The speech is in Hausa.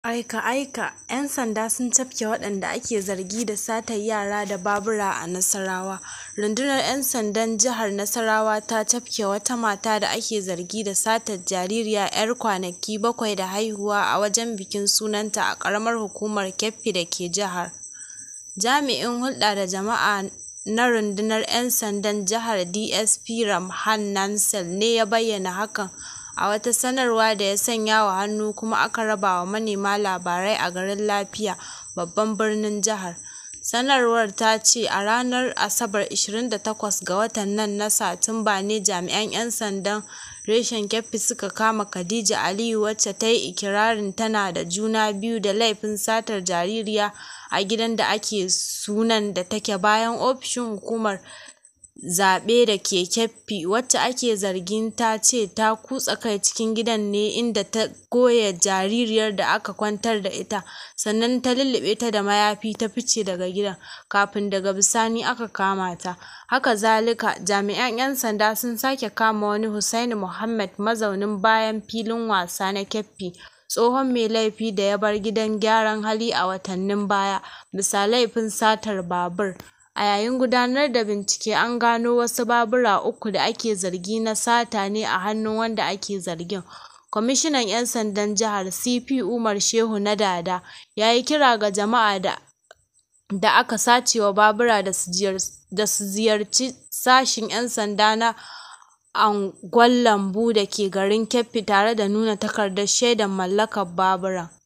Aika-aika: 'Yan sanda sun cafke waɗanda ake zargi da satar yara da babura a Nasarawa Rundunar 'Yan Sandan Jihar Nasarawa ta cafke wata mata da ake zargi da satar jaririya 'yar kwanaki bakwai da haihuwa a wajen bikin sunanta a ƙaramar hukumar Keffi da ke jihar. Jami'in hulɗa da jama'a na Rundunar 'Yan Sandan Jihar DSP Ramhan Nansel ne ya bayyana hakan. a wata sanarwa da ya sanya wa hannu kuma aka raba wa manema labarai a garin Lafiya, babban birnin jihar. Sanarwar ta ce a ranar Asabar 28 ga watan nan na Satumba ne jami'an ‘yan sandan reshen Keffi suka kama Khadija Aliyu wacce ta yi ikirarin tana da juna biyu da laifin satar jaririya a gidan da ake sunan da take bayan ofishin Hukumar zaɓe da ke Keffi, wacce ake zargin ta ce ta kutsa kai cikin gidan ne inda ta goya jaririyar da aka kwantar da ita sannan ta lullube ta da mayafi ta fice daga gidan, kafin daga bisani aka kama ta. Haka zalika, jami'an ‘yan sanda sun sake kama wani Hussaini Muhammad mazaunin bayan filin wasa na Keffi, tsohon mai laifi da ya bar gidan gyaran hali a watannin baya bisa laifin satar babur. A yayin gudanar da bincike, an gano wasu babura uku da ake zargi na sata ne a hannun wanda ake zargin. Kwamishinan ‘Yan Sandan Jihar CP Umar Shehu na Dada ya yi kira ga jama'a da aka sacewa babura da su ziyarci sashin ‘yan sanda na Angwan Lambu da ke garin Keffi tare da nuna takardar shaidar mallakar baburan.